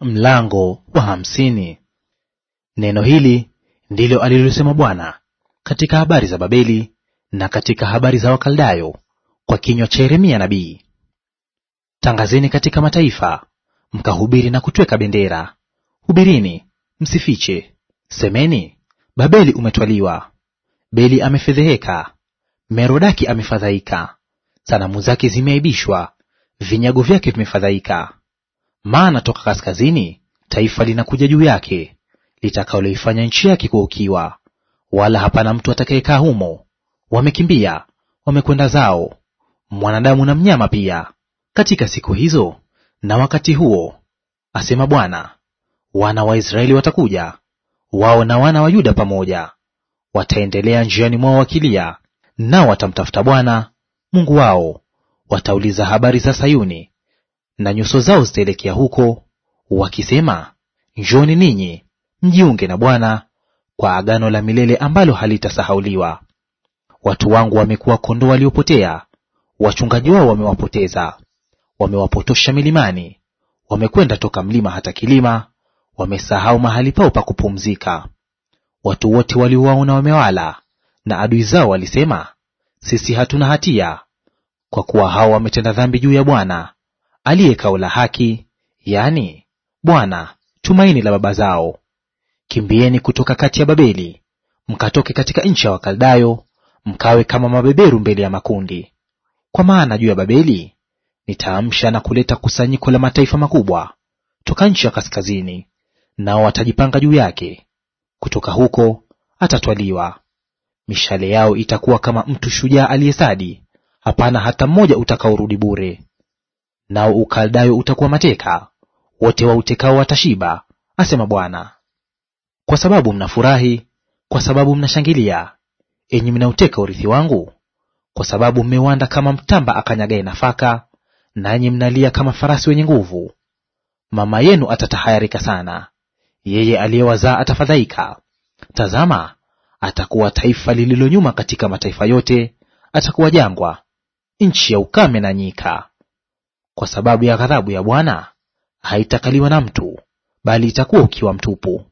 Mlango wa hamsini. Neno hili ndilo alilosema Bwana katika habari za Babeli na katika habari za Wakaldayo kwa kinywa cha Yeremia nabii. Tangazeni katika mataifa, mkahubiri na kutweka bendera. Hubirini, msifiche. Semeni, Babeli umetwaliwa. Beli amefedheheka, Merodaki amefadhaika. Sanamu zake zimeaibishwa, vinyago vyake vimefadhaika. Maana toka kaskazini taifa linakuja juu yake litakaloifanya nchi yake kuwa ukiwa, wala hapana mtu atakayekaa humo. Wamekimbia, wamekwenda zao, mwanadamu na mnyama pia, katika siku hizo na wakati huo, asema Bwana, wana wa Israeli watakuja wao na wana wa Yuda pamoja, wataendelea njiani mwao wakilia, nao watamtafuta Bwana Mungu wao, watauliza habari za Sayuni na nyuso zao zitaelekea huko, wakisema, Njoni ninyi mjiunge na Bwana kwa agano la milele ambalo halitasahauliwa. Watu wangu wamekuwa kondoo waliopotea, wachungaji wao wamewapoteza. Wamewapotosha milimani, wamekwenda toka mlima hata kilima, wamesahau mahali pao pa kupumzika. Watu wote waliowaona wamewala, na adui zao walisema, sisi hatuna hatia, kwa kuwa hao wametenda dhambi juu ya Bwana, aliye kao la haki, yani Bwana, tumaini la baba zao. Kimbieni kutoka kati ya Babeli, mkatoke katika nchi ya Wakaldayo, mkawe kama mabeberu mbele ya makundi. Kwa maana juu ya Babeli nitaamsha na kuleta kusanyiko la mataifa makubwa toka nchi ya kaskazini, nao watajipanga juu yake; kutoka huko atatwaliwa. Mishale yao itakuwa kama mtu shujaa aliyesadi, hapana hata mmoja utakaorudi bure nao Ukaldayo utakuwa mateka, wote wautekao watashiba, asema Bwana. Kwa sababu mnafurahi, kwa sababu mnashangilia, enyi mnauteka urithi wangu, kwa sababu mmewanda kama mtamba akanyagaye nafaka, nanyi mnalia kama farasi wenye nguvu. Mama yenu atatahayarika sana, yeye aliyewazaa atafadhaika. Tazama, atakuwa taifa lililo nyuma katika mataifa yote, atakuwa jangwa, nchi ya ukame na nyika kwa sababu ya ghadhabu ya Bwana haitakaliwa na mtu, bali itakuwa ukiwa mtupu.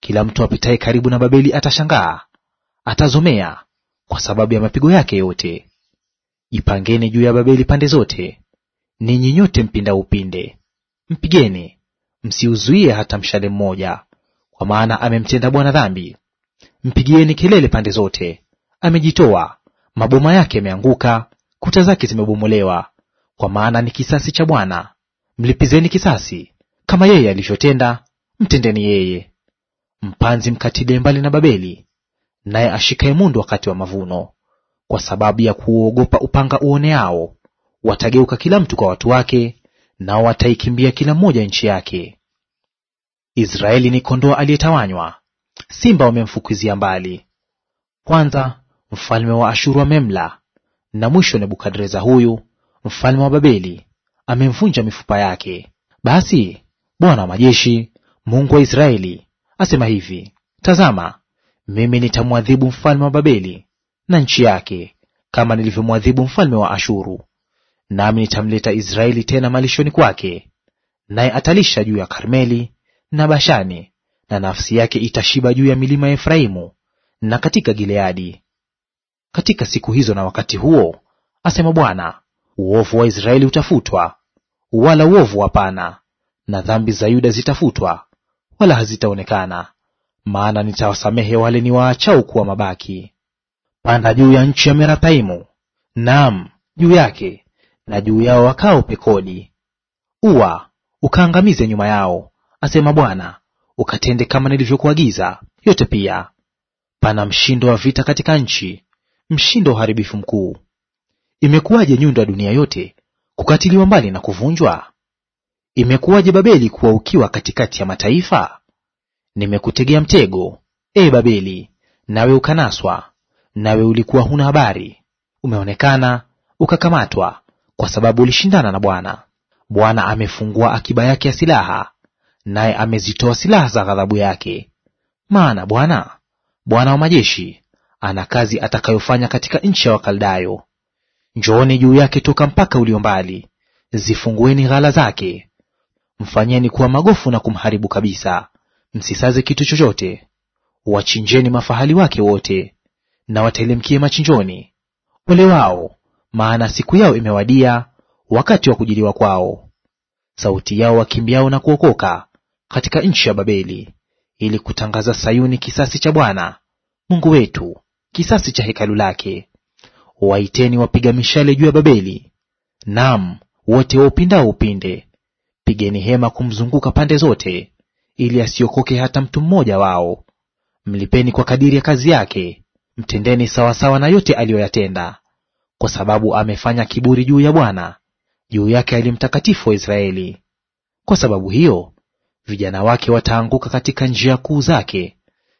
Kila mtu apitaye karibu na Babeli atashangaa, atazomea kwa sababu ya mapigo yake yote. Jipangeni juu ya Babeli pande zote, ninyi nyote mpinda upinde, mpigeni, msiuzuie hata mshale mmoja, kwa maana amemtenda Bwana dhambi. Mpigieni kelele pande zote, amejitoa, maboma yake yameanguka, kuta zake zimebomolewa. Kwa maana ni kisasi cha Bwana, mlipizeni kisasi; kama yeye alivyotenda, mtendeni yeye. Mpanzi mkatilie mbali na Babeli, naye ashikaye mundu wakati wa mavuno. Kwa sababu ya kuuogopa upanga uoneao, watageuka kila mtu kwa watu wake, nao wataikimbia kila mmoja nchi yake. Israeli ni kondoo aliyetawanywa, simba wamemfukuzia mbali. Kwanza mfalme wa Ashuru Memla, na mwisho Nebukadreza huyu mfalme wa Babeli amemvunja mifupa yake. Basi Bwana wa majeshi, Mungu wa Israeli, asema hivi: Tazama, mimi nitamwadhibu mfalme wa Babeli na nchi yake kama nilivyomwadhibu mfalme wa Ashuru, nami nitamleta Israeli tena malishoni kwake, naye atalisha juu ya Karmeli na Bashani, na nafsi yake itashiba juu ya milima ya Efraimu na katika Gileadi. Katika siku hizo na wakati huo, asema Bwana, Uovu wa Israeli utafutwa, wala uovu hapana, na dhambi za Yuda zitafutwa, wala hazitaonekana; maana nitawasamehe wale ni waachao kuwa mabaki. Panda juu ya nchi ya Merathaimu, naam juu yake, na juu yao wakao pekodi. Uwa ukaangamize nyuma yao, asema Bwana, ukatende kama nilivyokuagiza yote pia. Pana mshindo wa vita katika nchi, mshindo wa uharibifu mkuu. Imekuwaje nyundo ya dunia yote kukatiliwa mbali na kuvunjwa? Imekuwaje Babeli kuwa ukiwa katikati ya mataifa? Nimekutegea mtego, e Babeli, nawe ukanaswa; nawe ulikuwa huna habari, umeonekana ukakamatwa, kwa sababu ulishindana na Bwana. Bwana amefungua akiba yake ya silaha, naye amezitoa silaha za ghadhabu yake. Maana Bwana, Bwana wa majeshi, ana kazi atakayofanya katika nchi ya Wakaldayo. Njooni juu yake toka mpaka ulio mbali, zifungueni ghala zake, mfanyeni kuwa magofu na kumharibu kabisa, msisaze kitu chochote. Wachinjeni mafahali wake wote, na watelemkie machinjoni. Ole wao, maana siku yao imewadia, wakati wa kujiliwa kwao. Sauti yao wakimbiao na kuokoka katika nchi ya Babeli, ili kutangaza Sayuni kisasi cha Bwana Mungu wetu, kisasi cha hekalu lake. Waiteni wapiga mishale juu ya Babeli, naam wote waupindao upinde. Pigeni hema kumzunguka pande zote, ili asiokoke hata mtu mmoja wao. Mlipeni kwa kadiri ya kazi yake, mtendeni sawasawa na yote aliyoyatenda, kwa sababu amefanya kiburi juu ya Bwana, juu yake ali Mtakatifu wa Israeli. Kwa sababu hiyo vijana wake wataanguka katika njia kuu zake,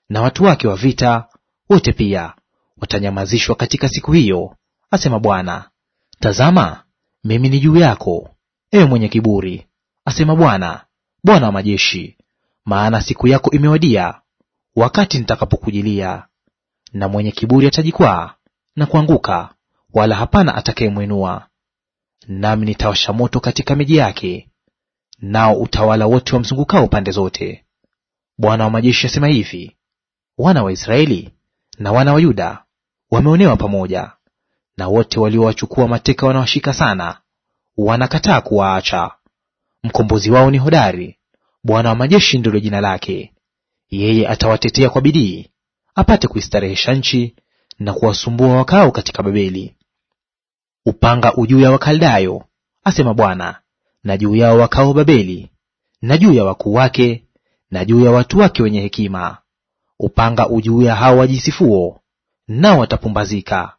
na watu wake wa vita wote pia watanyamazishwa katika siku hiyo, asema Bwana. Tazama, mimi ni juu yako, ewe mwenye kiburi, asema Bwana, Bwana wa majeshi, maana siku yako imewadia, wakati nitakapokujilia. Na mwenye kiburi atajikwaa na kuanguka, wala hapana atakayemwinua. Nami nitawasha moto katika miji yake, nao utawala wote wamzungukao pande zote. Bwana wa majeshi asema hivi: wana wa Israeli na wana wa Yuda wameonewa pamoja, na wote waliowachukua mateka wanawashika sana, wanakataa kuwaacha. Mkombozi wao ni hodari, Bwana wa majeshi ndilo jina lake. Yeye atawatetea kwa bidii, apate kuistarehesha nchi na kuwasumbua wakao katika Babeli. Upanga ujuu ya Wakaldayo, asema Bwana, na juu yao wakao Babeli, na juu ya wakuu wake, na juu ya watu wake wenye hekima. Upanga ujuu ya hao wajisifuo, nao watapumbazika.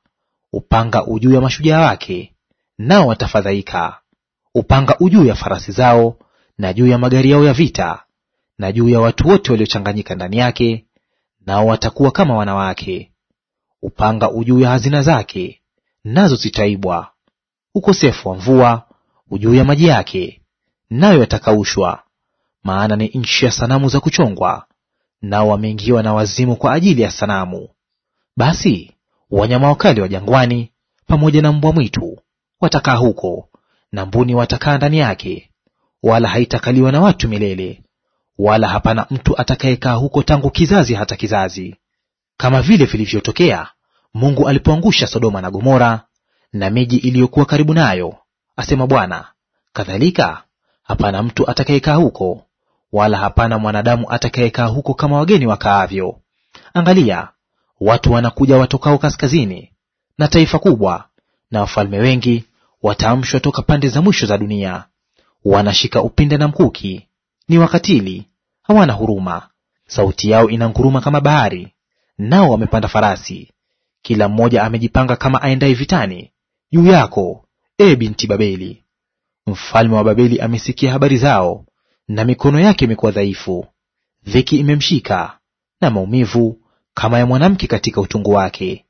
Upanga ujuu ya mashujaa wake, nao watafadhaika. Upanga ujuu ya farasi zao na juu ya magari yao ya vita na juu ya watu wote waliochanganyika ndani yake, nao watakuwa kama wanawake. Upanga ujuu ya hazina zake, nazo zitaibwa. Ukosefu wa mvua ujuu ya maji yake, nayo yatakaushwa. Maana ni nchi ya sanamu za kuchongwa, nao wameingiwa na wazimu kwa ajili ya sanamu. Basi wanyama wakali wa jangwani pamoja na mbwa mwitu watakaa huko, na mbuni watakaa ndani yake, wala haitakaliwa na watu milele, wala hapana mtu atakayekaa huko tangu kizazi hata kizazi, kama vile vilivyotokea Mungu alipoangusha Sodoma na Gomora na miji iliyokuwa karibu nayo, asema Bwana, kadhalika hapana mtu atakayekaa huko, wala hapana mwanadamu atakayekaa huko kama wageni wakaavyo. Angalia, Watu wanakuja watokao kaskazini, na taifa kubwa na wafalme wengi wataamshwa toka pande za mwisho za dunia. Wanashika upinde na mkuki, ni wakatili, hawana huruma. Sauti yao inanguruma kama bahari, nao wamepanda farasi, kila mmoja amejipanga kama aendaye vitani juu yako, e binti Babeli. Mfalme wa Babeli amesikia habari zao, na mikono yake imekuwa dhaifu, dhiki imemshika na maumivu kama ya mwanamke katika utungu wake.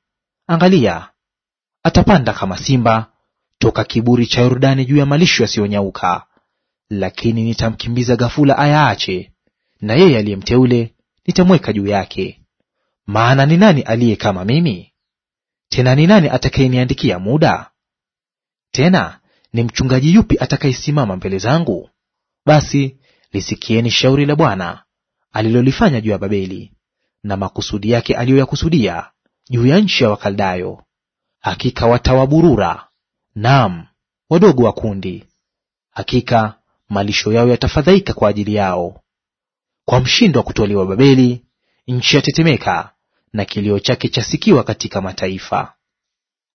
Angalia, atapanda kama simba toka kiburi cha Yordani juu ya malisho yasiyonyauka. Lakini nitamkimbiza ghafula ayaache, na yeye aliyemteule nitamweka juu yake. Maana ni nani aliye kama mimi? Tena ni nani atakayeniandikia muda? Tena ni mchungaji yupi atakayesimama mbele zangu? Basi lisikieni shauri la Bwana alilolifanya juu ya Babeli na makusudi yake aliyoyakusudia juu ya nchi ya Wakaldayo. Hakika watawaburura, naam, wadogo wa kundi. Hakika malisho yao yatafadhaika kwa ajili yao. Kwa mshindo wa kutwaliwa Babeli, nchi yatetemeka, na kilio chake chasikiwa katika mataifa.